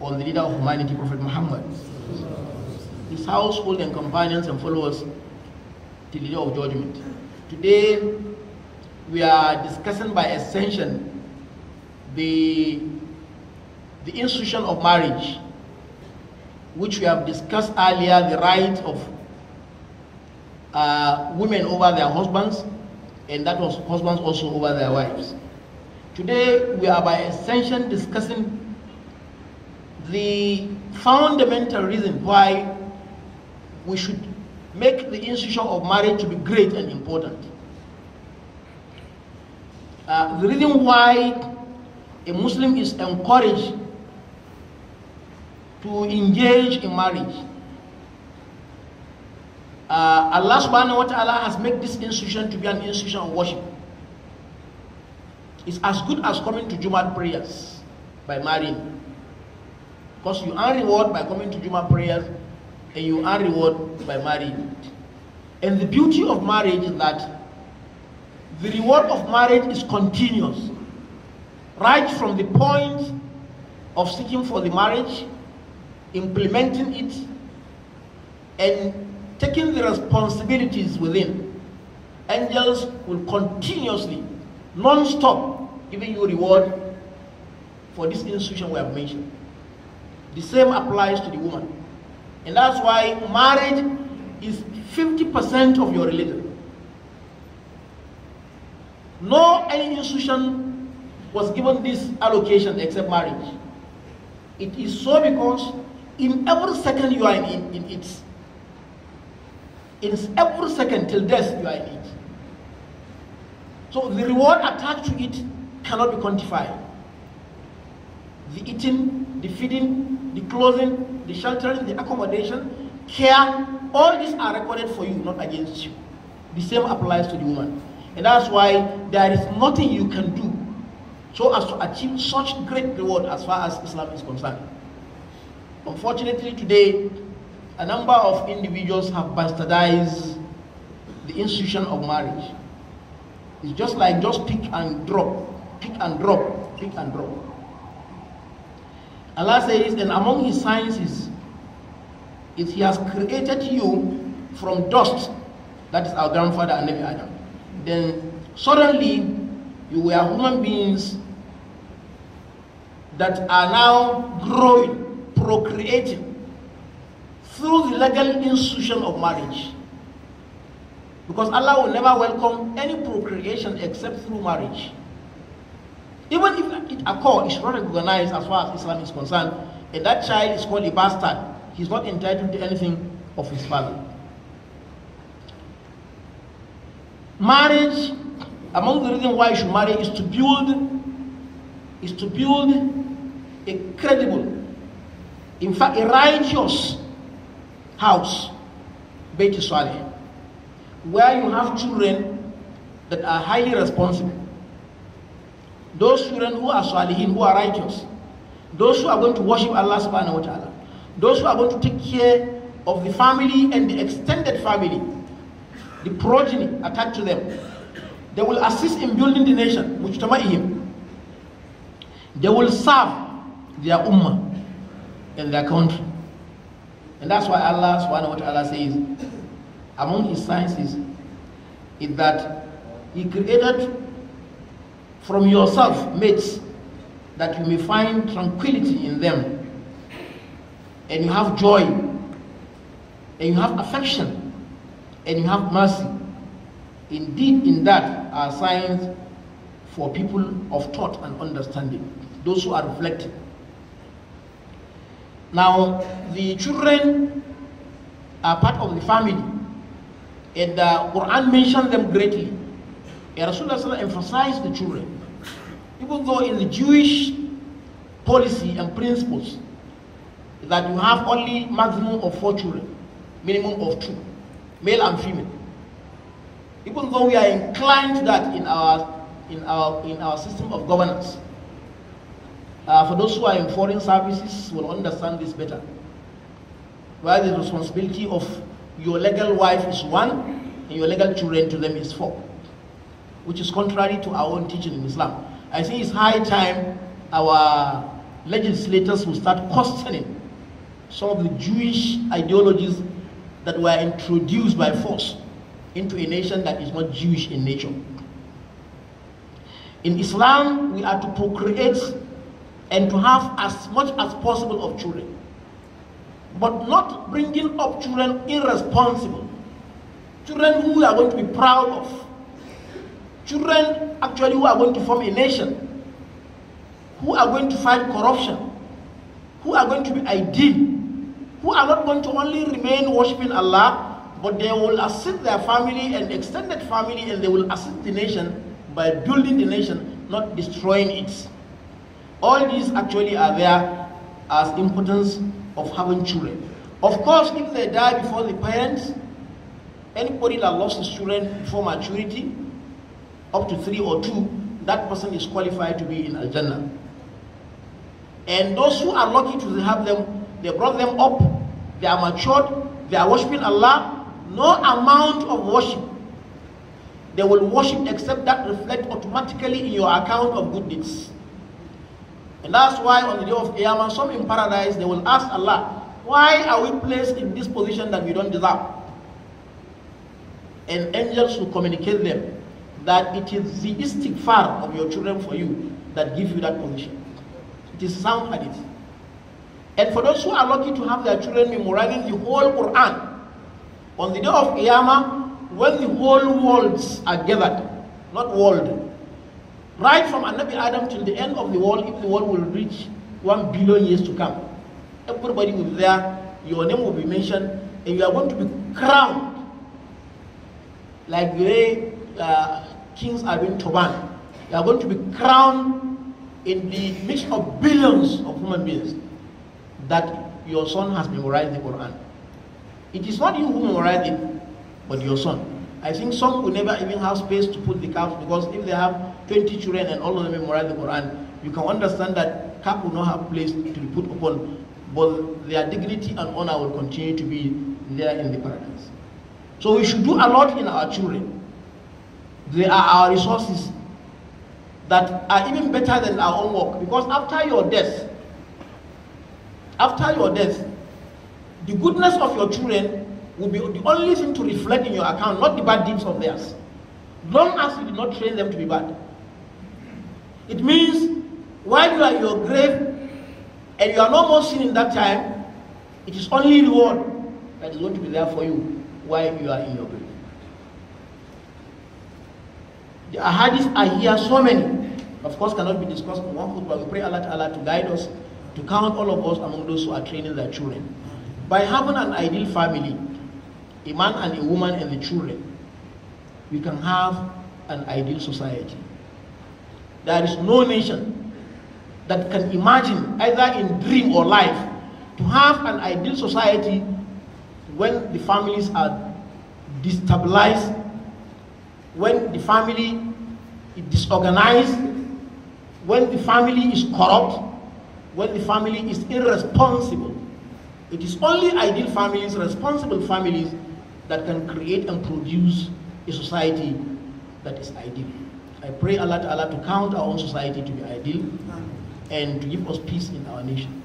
On the leader of humanity, Prophet Muhammad. His household and companions and followers till the day of judgment. Today, we are discussing by extension the, the institution of marriage, which we have discussed earlier, the right of uh, women over their husbands, and that was husbands also over their wives. Today, we are by extension discussing the fundamental reason why we should make the institution of marriage to be great and important. Uh, the reason why a Muslim is encouraged to engage in marriage. Uh, Allah subhanahu wa ta'ala has made this institution to be an institution of worship. It's as good as coming to Jumat prayers by marrying. Because you are reward by coming to Juma prayers and you are reward by marrying. And the beauty of marriage is that the reward of marriage is continuous. Right from the point of seeking for the marriage, implementing it, and taking the responsibilities within. Angels will continuously, non-stop, giving you reward for this institution we have mentioned. The same applies to the woman. And that's why marriage is 50% of your religion. No any institution was given this allocation except marriage. It is so because in every second you are in, in, in it. In every second till death you are in it. So the reward attached to it cannot be quantified. The eating, the feeding, the clothing, the sheltering, the accommodation, care, all these are recorded for you, not against you. The same applies to the woman. And that's why there is nothing you can do so as to achieve such great reward as far as Islam is concerned. Unfortunately, today, a number of individuals have bastardized the institution of marriage. It's just like just pick and drop, pick and drop, pick and drop. Allah says, and among his signs is, is he has created you from dust. That is our grandfather and Nabi Adam. Then suddenly you were human beings that are now growing, procreating through the legal institution of marriage. Because Allah will never welcome any procreation except through marriage. Even if it occurs, it's not recognized as far as Islam is concerned. And that child is called a bastard. He's not entitled to anything of his father. Marriage, among the reasons why you should marry is to build, is to build a credible, in fact, a righteous house, Beit Saleh, where you have children that are highly responsible those children who are salihin, who are righteous, those who are going to worship Allah subhanahu wa ta'ala, those who are going to take care of the family and the extended family, the progeny attached to them, they will assist in building the nation, which They will serve their ummah in their country. And that's why Allah subhanahu wa ta'ala says, among his sciences, is that he created from yourself, mates, that you may find tranquility in them, and you have joy, and you have affection, and you have mercy. Indeed, in that are signs for people of thought and understanding, those who are reflecting. Now, the children are part of the family, and the uh, Quran mentions them greatly Rasulullah emphasized the children. Even though in the Jewish policy and principles that you have only maximum of four children, minimum of two, male and female. Even though we are inclined to that in our in our in our system of governance. Uh, for those who are in foreign services will understand this better. Where the responsibility of your legal wife is one, and your legal children to them is four which is contrary to our own teaching in Islam. I think it's high time our legislators will start questioning some of the Jewish ideologies that were introduced by force into a nation that is not Jewish in nature. In Islam, we are to procreate and to have as much as possible of children, but not bringing up children irresponsible, children who we are going to be proud of, Children actually who are going to form a nation, who are going to fight corruption, who are going to be ideal, who are not going to only remain worshipping Allah, but they will assist their family and extended family and they will assist the nation by building the nation, not destroying it. All these actually are there as importance of having children. Of course, if they die before the parents, anybody that lost his children before maturity, up to three or two, that person is qualified to be in Al Jannah. And those who are lucky to have them, they brought them up, they are matured, they are worshipping Allah. No amount of worship they will worship except that reflect automatically in your account of good deeds. And that's why on the day of Qiyamah, some in paradise, they will ask Allah, why are we placed in this position that we don't deserve? And angels will communicate them that it is the istighfar of your children for you that gives you that position. It is sound hadith. And for those who are lucky to have their children memorizing the whole Quran, on the day of Qiyamah, when the whole worlds are gathered, not world, right from Anabi Adam till the end of the world, if the world will reach one billion years to come, everybody will be there, your name will be mentioned, and you are going to be crowned like the way uh, kings are going to run. They are going to be crowned in the midst of billions of human beings that your son has memorized the Quran. It is not you who memorized it, but your son. I think some will never even have space to put the calf because if they have 20 children and all of them memorize the Quran, you can understand that calf will not have place to be put upon, but their dignity and honor will continue to be there in the paradise. So we should do a lot in our children. They are our resources that are even better than our own work. Because after your death, after your death, the goodness of your children will be the only thing to reflect in your account, not the bad deeds of theirs. Long as you did not train them to be bad. It means while you are in your grave and you are no more seen in that time, it is only reward that is going to be there for you while you are in your grave. The ahadith are here, so many. Of course, cannot be discussed in one khutbah. We pray Allah Allah to guide us, to count all of us among those who are training their children. By having an ideal family, a man and a woman and the children, we can have an ideal society. There is no nation that can imagine, either in dream or life, to have an ideal society when the families are destabilized when the family is disorganized, when the family is corrupt, when the family is irresponsible. It is only ideal families, responsible families, that can create and produce a society that is ideal. I pray Allah to, Allah to count our own society to be ideal and to give us peace in our nation.